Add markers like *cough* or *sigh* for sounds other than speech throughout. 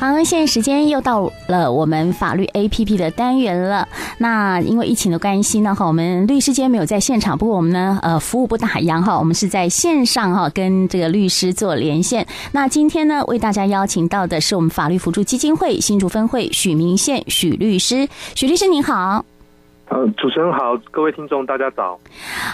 好，現在時間又到了我們法律 APP 的單元了。那因為疫情的關係呢，哈，我們律師間沒有在現場，不過我們呢，呃，服務不打烊哈，我們是在線上哈跟這個律師做連線。那今天呢，為大家邀請到的是我們法律扶助基金會新竹分會許民憲許律師，許律師您好。呃，主持人好，各位聽眾大家早。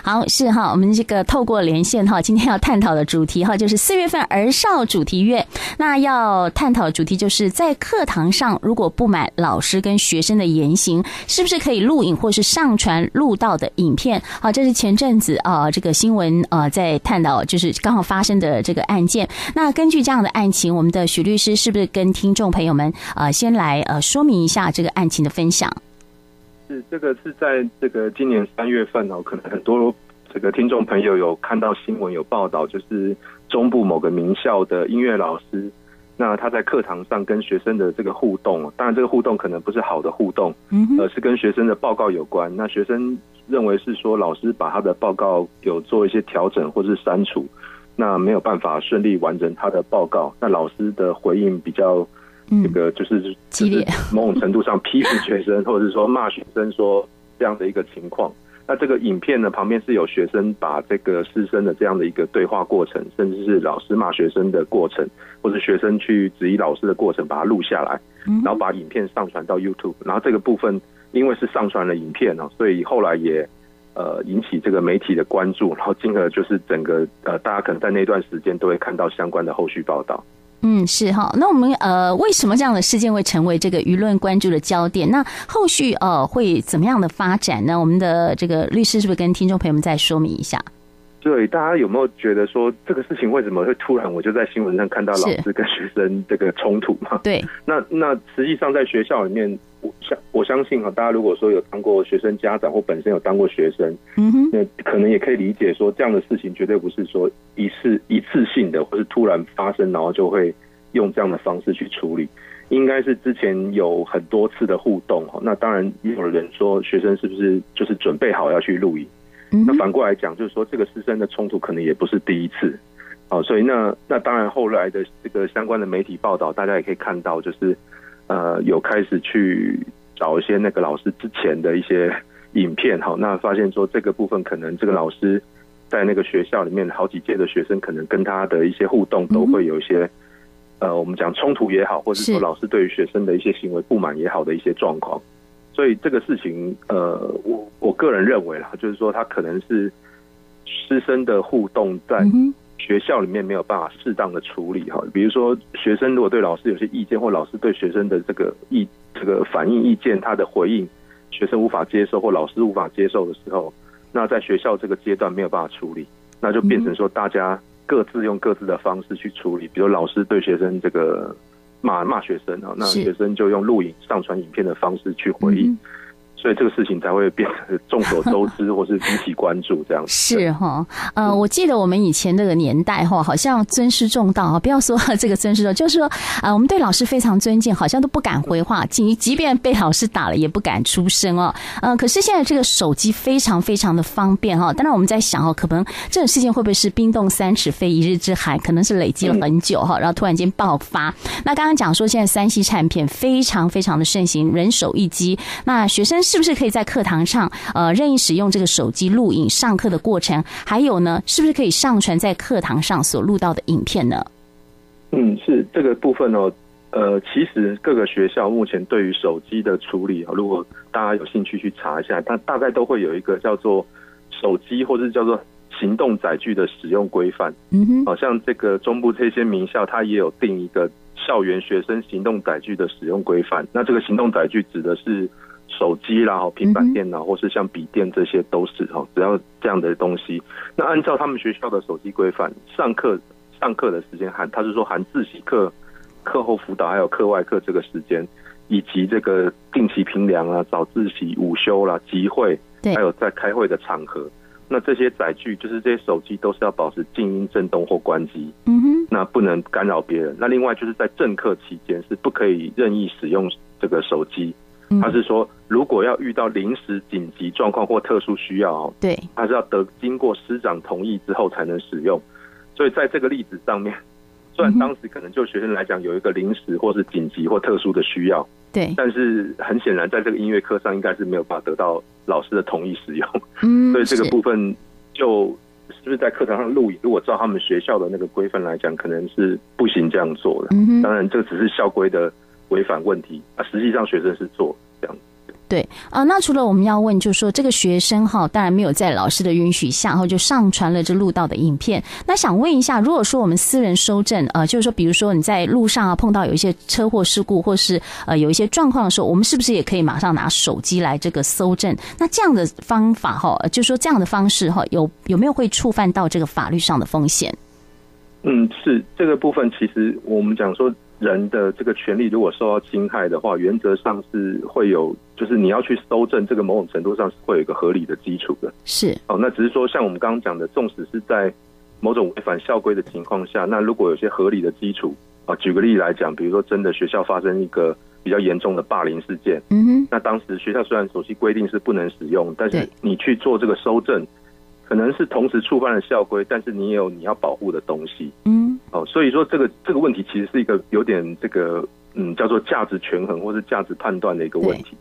好，是哈，我們這個透過連線哈，今天要探討的主題哈，就是四月份兒少主題月。那要探討的主題就是在課堂上，如果不滿老師跟學生的言行，是不是可以錄影或是上傳錄到的影片？好，這是前陣子啊，呃，這個新聞啊，呃，在探討，就是剛好發生的這個案件。那根據這樣的案情，我們的許律師是不是跟聽眾朋友們呃，先來呃說明一下這個案情的分享？是，這個是在這個今年三月份哦，可能很多這個聽眾朋友有看到新聞有報道，就是中部某個名校的音樂老師，那他在課堂上跟學生的這個互動，當然這個互動可能不是好的互動，嗯，而是跟學生的報告有關。那學生認為是說老師把他的報告有做一些調整或是刪除，那沒有辦法順利完成他的報告。那老師的回應比較。這個就是激烈，就是某種程度上批評學生， *laughs* 或者是說罵學生，說這樣的一個情況。那這個影片呢，旁邊是有學生把這個師生的這樣的一個對話過程，甚至是老師罵學生的過程，或者學生去質疑老師的過程，把它錄下來，然後把影片上傳到 YouTube，嗯哼。然後這個部分因為是上傳了影片啊、哦、所以後來也呃引起這個媒體的關注，然後進而就是整個呃大家可能在那段時間都會看到相關的後續報道。嗯，是哈。那我們呃，為什麼這樣的事件會成為這個輿論關注的焦點？那後續呃，會怎麼樣的發展呢？那我們的這個律師是不是跟聽眾朋友們再說明一下？對，大家有沒有覺得說這個事情為什麼會突然我就在新聞上看到老師跟學生這個衝突嘛？對是，那那實際上在學校裡面。我相信哈，大家如果說有當過學生、家長或本身有當過學生，那可能也可以理解說，這樣的事情絕對不是說一次一次性的，或是突然發生，然後就會用這樣的方式去處理。應該是之前有很多次的互動哈。那當然也有人說，學生是不是就是準備好要去錄影？那反過來講，就是說這個師生的衝突可能也不是第一次。好，所以那那當然，後來的這個相關的媒體報道，大家也可以看到，就是。呃，有開始去找一些那個老師之前的一些影片，好，那發現說這個部分可能這個老師在那個學校裡面好幾屆的學生，可能跟他的一些互動都會有一些，嗯、哼呃，我們講衝突也好，或者說老師對於學生的一些行為不滿也好的一些狀況，是所以這個事情，呃，我我個人認為啦，就是說他可能是師生的互動在、嗯。學校裡面沒有辦法適當的處理哈，比如說學生如果對老師有些意見，或老師對學生的這個意這個反應意見，他的回應學生無法接受或老師無法接受的時候，那在學校這個階段沒有辦法處理，那就變成說大家各自用各自的方式去處理，嗯、比如老師對學生這個罵罵學生啊，那學生就用錄影上傳影片的方式去回應。嗯所以這個事情才會變得眾所周知，或是引起關注這樣子。 *laughs* 是哈，呃，我記得我們以前那個年代哈，好像尊師重道啊，不要說這個尊師重道，就是說啊、呃，我們對老師非常尊敬，好像都不敢回話，即即便被老師打了也不敢出聲哦。嗯、呃，可是現在這個手機非常非常的方便哈，當然我們在想哦，可能這個事情會不會是冰凍三尺非一日之寒，可能是累積了很久哈，然後突然間爆發。嗯、那剛剛講說現在 3C 產品非常非常的盛行，人手一機，那學生。是不是可以在課堂上呃任意使用這個手機錄影上課的過程？還有呢，是不是可以上傳在課堂上所錄到的影片呢？嗯，是這個部分哦。呃，其實各個學校目前對於手機的處理啊、哦，如果大家有興趣去查一下，它大概都會有一個叫做手機或者叫做行動載具的使用規範。嗯哼，好像這個中部這些名校，它也有定一個校園學生行動載具的使用規範。那這個行動載具指的是手機啦，哈，平板電腦，或是像筆電，這些都是哈，只要這樣的東西。那按照他們學校的手機規範，上課上課的時間含，他是說含自習課、課後輔導，還有課外課這個時間，以及這個定期平涼啊、早自習、午休啦、啊、集會，還有在開會的場合，對那這些載具就是這些手機都是要保持靜音、震動或關機。嗯哼那不能干擾別人。那另外就是在正課期間是不可以任意使用這個手機。他是說，如果要遇到臨時緊急狀況或特殊需要，對，他是要得經過師長同意之後才能使用。所以在這個例子上面，雖然當時可能就學生來講有一個臨時或是緊急或特殊的需要，對，但是很顯然在這個音樂課上應該是沒有辦法得到老師的同意使用。嗯，所以這個部分就是不是在課堂上錄影？如果照他們學校的那個規範來講，可能是不行這樣做的。當然，這只是校規的。違反問題啊，實際上學生是做這樣對啊、呃，那除了我們要問，就是說這個學生哈，當然沒有在老師的允許下，然後就上傳了這錄到的影片。那想問一下，如果說我們私人蒐證，呃，就是說比如說你在路上啊碰到有一些車禍事故，或是呃有一些狀況的時候，我們是不是也可以馬上拿手機來這個蒐證？那這樣的方法哈、呃，就是、說這樣的方式哈、哦，有有沒有會觸犯到這個法律上的風險？嗯，是這個部分，其實我們講說。人的這個權利如果受到侵害的話，原則上是會有，就是你要去搜證，這個某種程度上是會有一個合理的基礎的。是哦，那只是說，像我們剛剛講的，縱使是在某種違反校規的情況下，那如果有些合理的基礎啊，舉個例來講，比如說真的學校發生一個比較嚴重的霸凌事件，嗯哼，那當時學校雖然手機規定是不能使用，但是你去做這個搜證。可能是同時觸犯了校規，但是你也有你要保護的東西，嗯，好、哦，所以說這個這個問題其實是一個有點這個，嗯，叫做價值權衡或者價值判斷的一個問題。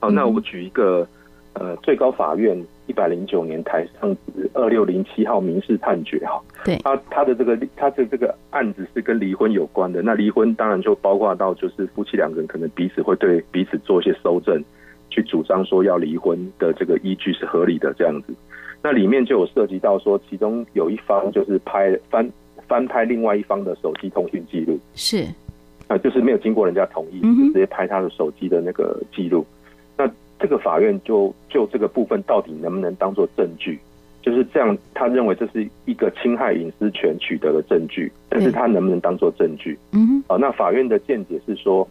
好對、哦，那我舉一個，呃，最高法院一百零九年台上二六零七號民事判決哈，哦、對，他他的這個他的這個案子是跟離婚有關的，那離婚當然就包括到就是夫妻兩個人可能彼此會對彼此做一些蒐證，去主張說要離婚的這個依據是合理的這樣子。那裡面就有涉及到說，其中有一方就是拍翻翻拍另外一方的手機通訊記錄，是啊，就是沒有經過人家同意，就直接拍他的手機的那個記錄。嗯、哼那這個法院就就這個部分到底能不能當做證據？就是這樣，他認為這是一個侵害隱私權取得的證據，但是他能不能當做證據？嗯哼，哦、啊，那法院的見解是說，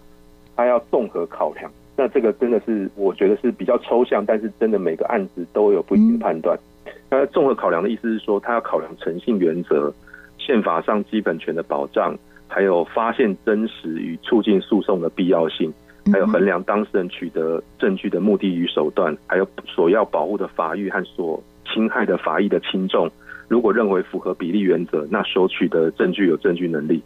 他要綜合考量。那這個真的是我覺得是比較抽象，但是真的每個案子都有不同的判斷。嗯他綜合考量的意思是說，他要考量誠信原則、憲法上基本權的保障，還有發現真實與促進訴訟的必要性，還有衡量當事人取得證據的目的與手段，還有所要保護的法益和所侵害的法益的輕重。如果認為符合比例原則，那所取得證據有證據能力。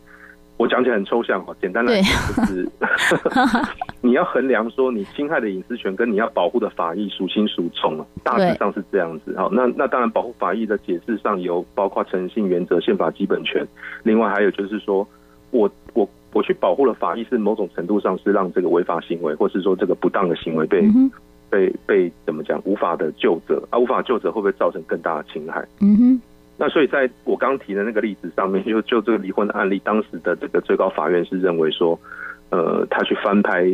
我講起來很抽象啊，簡單來講就是，對 *laughs* *laughs* 你要衡量說你侵害的隱私權跟你要保護的法益孰輕孰重啊，大致上是這樣子。對好，那那當然，保護法益的解釋上有包括誠信原則、憲法基本權，另外還有就是說我，我我我去保護了法益，是某種程度上是讓這個違法行為或是說這個不當的行為被、嗯、哼被被怎麼講無法的究責啊，無法究責會不會造成更大的侵害？嗯哼。那所以，在我剛提的那個例子上面，就就這個離婚的案例，當時的這個最高法院是認為說，呃，他去翻拍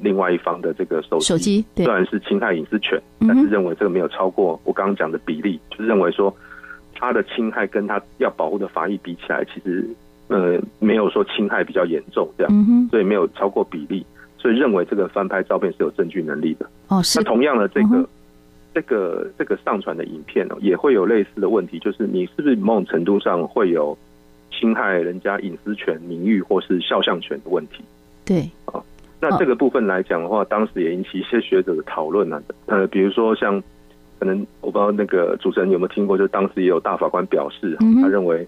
另外一方的這個手機，手機，對，雖然是侵害隱私權，但是認為這個沒有超過我剛剛講的比例，嗯哼，就是認為說他的侵害跟他要保護的法益比起來，其實呃沒有說侵害比較嚴重這樣，嗯哼，所以沒有超過比例，所以認為這個翻拍照片是有證據能力的。哦，是。那同樣的這個。嗯這個這個上傳的影片哦，也會有類似的問題，就是你是不是某種程度上會有侵害人家隱私權、名譽或是肖像權的問題？對，啊、哦，那這個部分來講的話，哦、當時也引起一些學者的討論啊，呃，比如說像，可能我不知道那個主持人有沒有聽過，就當時也有大法官表示，嗯、哼，他認為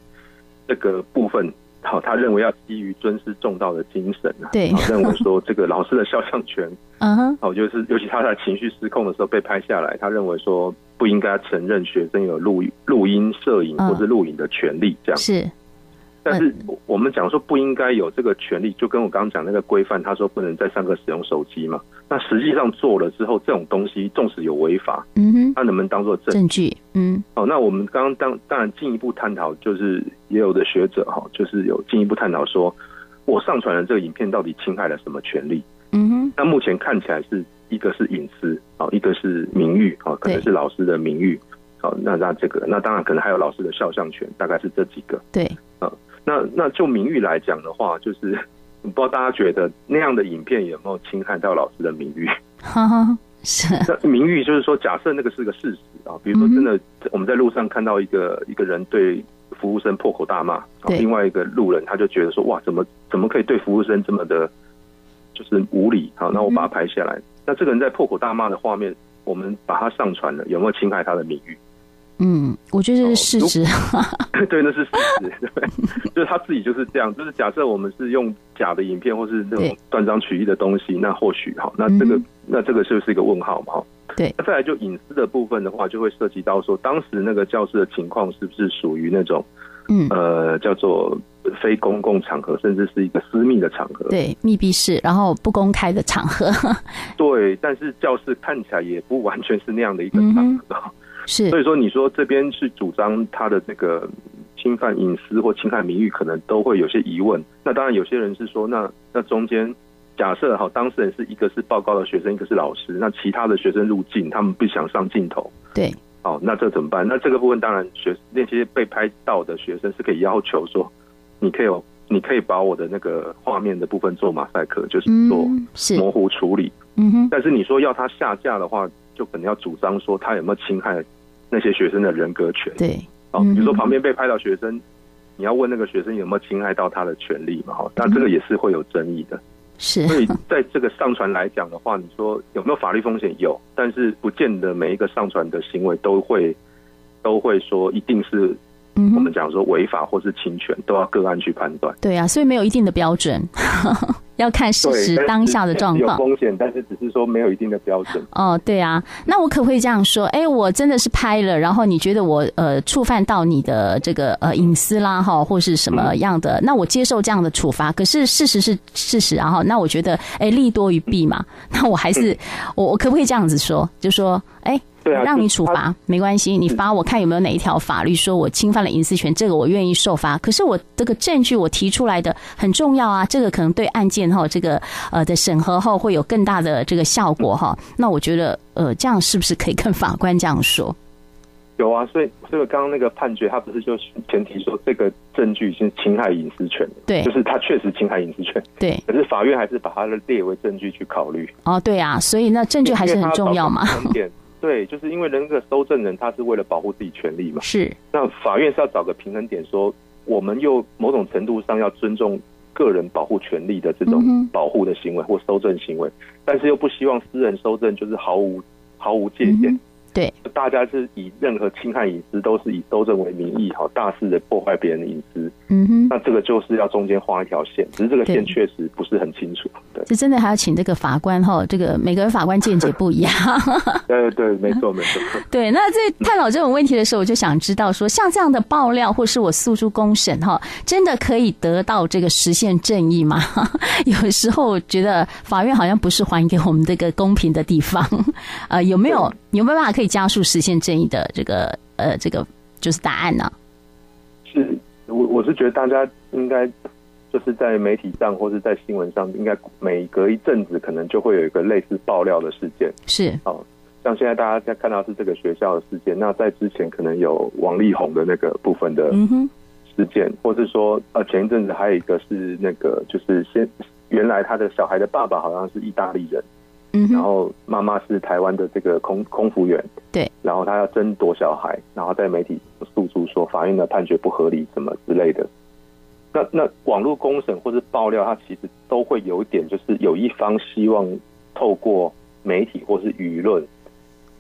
這個部分。好、哦，他認為要基於尊師重道的精神啊對、哦，認為說這個老師的肖像權啊，好、 *laughs* 哦、就是尤其他在情緒失控的時候被拍下來，他認為說不應該承認學生有錄錄音、攝影或是錄影的權利，嗯、這樣子但是我們講說不應該有這個權利，就跟我剛剛講那個規範，他說不能在上課使用手機嘛。那實際上做了之後，這種東西縱使有違法，嗯哼，他能不能當做證據？證據，嗯，好、哦。那我們剛剛當當然進一步探討，就是也有的學者哈、哦，就是有進一步探討，說我上傳的這個影片到底侵害了什麼權利？嗯哼，那目前看起來是一個是隱私啊、哦，一個是名譽啊、嗯哦，可能是老師的名譽，好對、哦，那那這個那當然可能還有老師的肖像權，大概是這幾個，對，嗯。那那就名譽來講的話，就是不知道大家覺得那樣的影片有沒有侵害到老師的名譽？哈，哈，是。那名譽就是說，假設那個是個事實啊，比如說真的我們在路上看到一個一個人對服務生破口大罵，另外一個路人他就覺得說，哇，怎麼怎麼可以對服務生這麼的，就是無理？好，那我把它拍下來。那這個人在破口大罵的畫面，我們把它上傳了，有沒有侵害他的名譽？嗯，我覺得這是事實、哦呃。對，那是事實。 *laughs* 對，就是他自己就是這樣。就是假設我們是用假的影片，或是那種斷章取義的東西，對那或許哈，那這個、嗯、那這個是不是一個問號嘛。對。再來就隱私的部分的話，就會涉及到說，當時那個教室的情況是不是屬於那種嗯呃叫做非公共場合，甚至是一個私密的場合？對，密閉式，然後不公開的場合。 *laughs* 對，但是教室看起來也不完全是那樣的一個場合。嗯是，所以說你說這邊是主張他的那個侵犯隱私或侵害名譽，可能都會有些疑問。那當然有些人是說，那那中間假設哈，當事人是一個是報告的學生，一個是老師，那其他的學生入鏡，他們不想上鏡頭。對，好，那這怎麼辦？那這個部分當然，學那些被拍到的學生是可以要求說，你可以哦，你可以把我的那個畫面的部分做馬賽克，就是做模糊處理。嗯，但是你說要他下架的話，就可能要主張說他有沒有侵害。那些學生的人格權利。對，哦、嗯，比如說旁邊被拍到學生，你要問那個學生有沒有侵害到他的權利嘛？哈，那這個也是會有爭議的。嗯、是，所以在這個上傳來講的話，你說有沒有法律風險？有，但是不見得每一個上傳的行為都會都會說一定是。我們講說違法或是侵權，都要個案去判斷。對啊，所以沒有一定的標準，呵呵要看事實當下的狀況。有風險，但是只是說沒有一定的標準。哦，對啊，那我可不可以這樣說？哎，我真的是拍了，然後你覺得我呃觸犯到你的這個呃隱私啦，哈，或是什麼樣的？嗯、那我接受這樣的處罰。可是事實是事實，啊，然後那我覺得哎利多於弊嘛，那我還是、嗯、我我可不可以這樣子說？就說哎。讓你處罰沒關係，你罰我看有沒有哪一條法律說我侵犯了隱私權，這個我願意受罰。可是我這個證據我提出來的很重要啊，這個可能對案件哈這個呃的審核後會有更大的這個效果哈。嗯、那我覺得呃這樣是不是可以跟法官這樣說？有啊，所以所以剛剛那個判決他不是就前提說這個證據已經侵害隱私權了，對，對，就是他確實侵害隱私權，對，可是法院還是把他的列為證據去考慮。哦，對啊，所以那證據還是很重要嘛。 *laughs* 對，就是因為人這個搜證人，他是為了保護自己權利嘛。是。那法院是要找個平衡點，說我們又某種程度上要尊重個人保護權利的這種保護的行為或搜證行為，嗯、哼但是又不希望私人搜證就是毫無毫無界限。嗯對，大家是以任何侵害隱私都是以鬥爭為名義好，大肆的破壞別人的隱私。嗯哼，那這個就是要中間畫一條線，只是這個線確實不是很清楚。對，對就真的還要請這個法官哈，這個每個人法官見解不一樣。 *laughs* 對，對對，沒錯沒錯。 *laughs* 對，那在探討這種問題的時候，我就想知道說，像這樣的爆料或是我訴諸公審哈，真的可以得到這個實現正義嗎？有時候覺得法院好像不是還給我們這個公平的地方。呃、有沒有對有沒有辦法可以？加速實現正義的這個呃，這個就是答案呢？是，我我是覺得大家應該就是在媒體上或是在新聞上，應該每隔一陣子可能就會有一個類似爆料的事件。是，哦，像現在大家在看到是這個學校的事件，那在之前可能有王力宏的那個部分的事件，嗯、哼或是說呃前一陣子還有一個是那個就是先原來他的小孩的爸爸好像是意大利人。然後媽媽是台灣的這個空空服員，對，然後他要爭奪小孩，然後在媒體訴諸說法院的判決不合理，什麼之類的。那那網絡公審或者爆料，他其實都會有一點，就是有一方希望透過媒體或是輿論，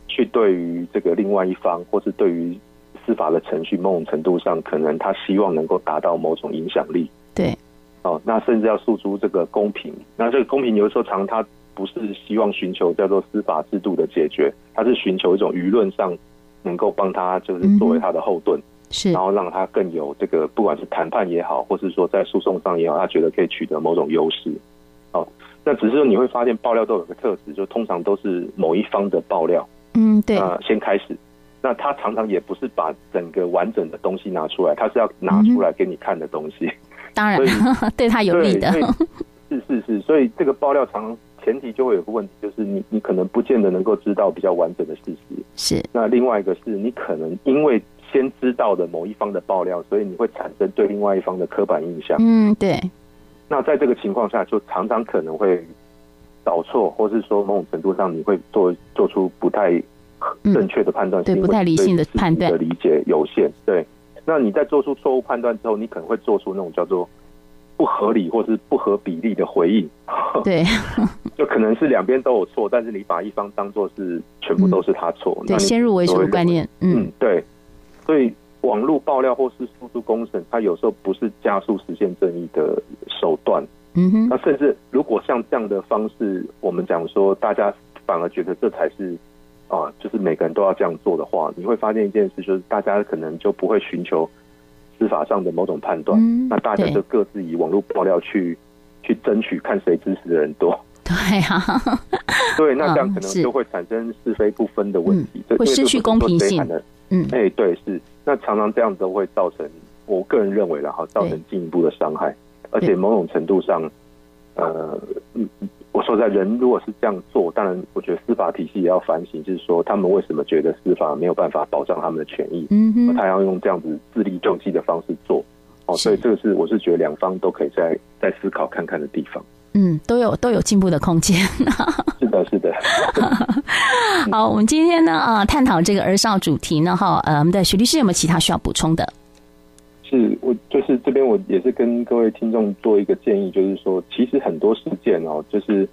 去對於這個另外一方或是對於司法的程序，某種程度上可能他希望能夠達到某種影響力。對，哦，那甚至要訴諸這個公平。那這個公平有時候常他。不是希望尋求叫做司法制度的解決，他是尋求一種輿論上能夠幫他，就是作為他的後盾，嗯、是，然後讓他更有這個，不管是談判也好，或是說在訴訟上也好，他覺得可以取得某種優勢。哦，那只是說你會發現爆料都有個特質，就通常都是某一方的爆料，嗯，對，啊、呃，先開始，那他常常也不是把整個完整的東西拿出來，他是要拿出來給你看的東西，嗯、 *laughs* 以當然， *laughs* 對他有利的，是是是，所以這個爆料常常。前提就會有個問題，就是你你可能不見得能夠知道比較完整的事實。是。那另外一個是你可能因為先知道的某一方的爆料，所以你會產生對另外一方的刻板印象。嗯，對。那在這個情況下，就常常可能會找錯，或是說某種程度上你會做做出不太正確的判斷，嗯，對，不太理性的判斷，自己的理解有限。對。那你在做出錯誤判斷之後，你可能會做出那種叫做不合理或是不合比例的回應。 *laughs* 對。 *laughs* 就可能是兩邊都有錯，但是你把一方當做是全部都是他錯，嗯、對，你先入為主的觀念，嗯，嗯，對。所以網絡爆料或是訴諸公審，它有時候不是加速實現正義的手段。嗯哼。那甚至如果像這樣的方式，我們講說大家反而覺得這才是啊，就是每個人都要這樣做的話，你會發現一件事，就是大家可能就不會尋求司法上的某種判斷，嗯、那大家就各自以網絡爆料去、嗯、去爭取，看誰支持的人多。對啊， *laughs* 對，那這樣可能就會產生是非不分的問題，嗯、對會失去公平性。嗯，哎，對，是，那常常這樣子都會造成，我個人認為啦，然後造成進一步的傷害，對而且某種程度上，對呃，我說實在，人如果是這樣做，當然，我覺得司法體系也要反省，就是說他們為什麼覺得司法沒有辦法保障他們的權益？嗯哼他要用這樣子自力救濟的方式做，哦，是所以這個是我是覺得兩方都可以再再思考看看的地方。嗯，都有都有進步的空間。 *laughs* 是的，是的。 *laughs* 好，我們今天呢啊，探討這個兒少主題呢哈，呃，我們的許律師有沒有其他需要補充的？是，我就是這邊我也是跟各位聽眾做一個建議，就是說，其實很多事件哦，就是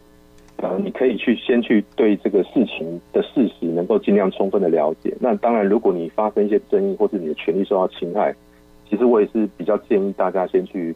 呃，你可以去先去對這個事情的事實能夠盡量充分的了解。那當然，如果你發生一些爭議或是你的權利受到侵害，其實我也是比較建議大家先去。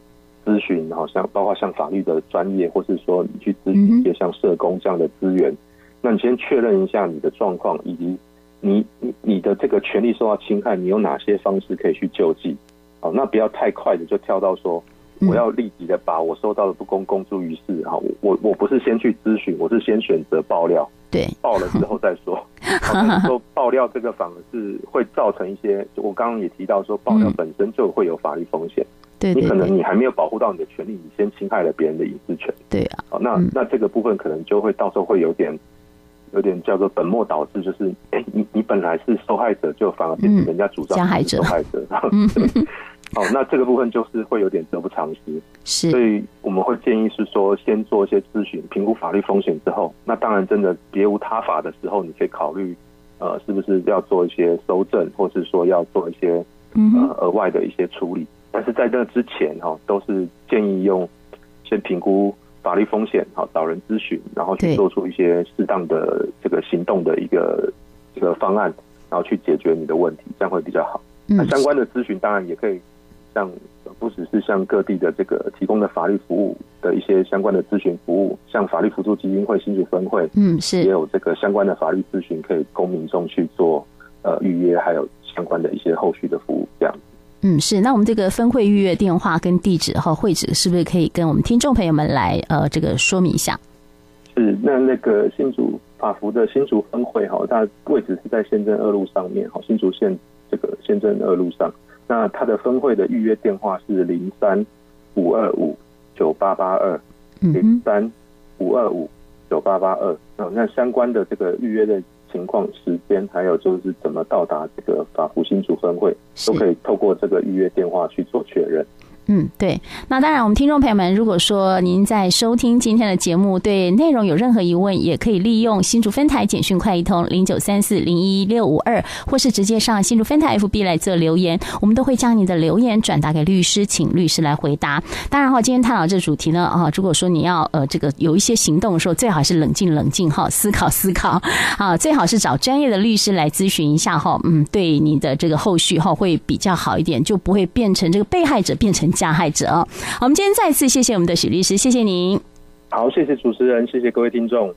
諮詢，然後像包括像法律的專業，或是說你去諮詢一些像社工這樣的資源，嗯、哼那你先確認一下你的狀況，以及你你你的這個權利受到侵害，你有哪些方式可以去救濟？好，那不要太快的就跳到說我要立即的把我收到的不公公諸於世。哈，我我不是先去諮詢，我是先選擇爆料。對，爆了之後再說。好，可能說爆料這個方式會造成一些，就我剛剛也提到說，爆料本身就會有法律風險。嗯對對對，你可能你還沒有保護到你的權利，你先侵害了別人的隱私權。對啊，好、嗯，那那這個部分可能就會到時候會有點，有點叫做本末倒置，就是、欸、你你本來是受害者，就反而變成人家主張加害者受害者。嗯、好，那這個部分就是會有點得不償失。是，所以我們會建議是說，先做一些諮詢、評估法律風險之後，那當然真的別無他法的時候，你可以考慮呃，是不是要做一些蒐證，或是說要做一些呃額外的一些處理。嗯但是在這之前哈，都是建議用先評估法律風險，哈，找人諮詢，然後去做出一些適當的這個行動的一個這個方案，然後去解決你的問題，這樣會比較好。那相關的諮詢當然也可以，像不只是像各地的這個提供的法律服務的一些相關的諮詢服務，像法律扶助基金會新竹分會，嗯，是也有這個相關的法律諮詢可以供民眾去做呃預約，還有相關的一些後續的服務這樣。嗯，是，那我們這個分會預約電話跟地址哈，會址是不是可以跟我們聽眾朋友們來呃這個說明一下？是，那那個新竹法扶的新竹分會哈，它位置是在縣政二路上面哈，新竹縣這個縣政二路上。那它的分會的預約電話是零三五二五九八八二零三五二五九八八二哦，2, 2, 嗯哼，那相關的這個預約的。情況、時間，還有就是怎麼到達這個法扶新竹分會，都可以透過這個預約電話去做確認。嗯，對，那當然，我們聽眾朋友們，如果說您在收聽今天的節目，對內容有任何疑問，也可以利用新竹分台簡訊快易通零九三四零一六五二，或是直接上新竹分台 F B 來做留言，我們都會將你的留言轉達給律師，請律師來回答。當然哈，今天探討這主題呢，啊，如果說你要呃這個有一些行動的時候，最好是冷靜冷靜哈，思考思考啊，最好是找專業的律師來諮詢一下哈，嗯，對你的這個後續哈會比較好一點，就不會變成這個被害者變成。加害者哦，我們今天再次謝謝我們的許律師，謝謝您。好，謝謝主持人，謝謝各位聽眾。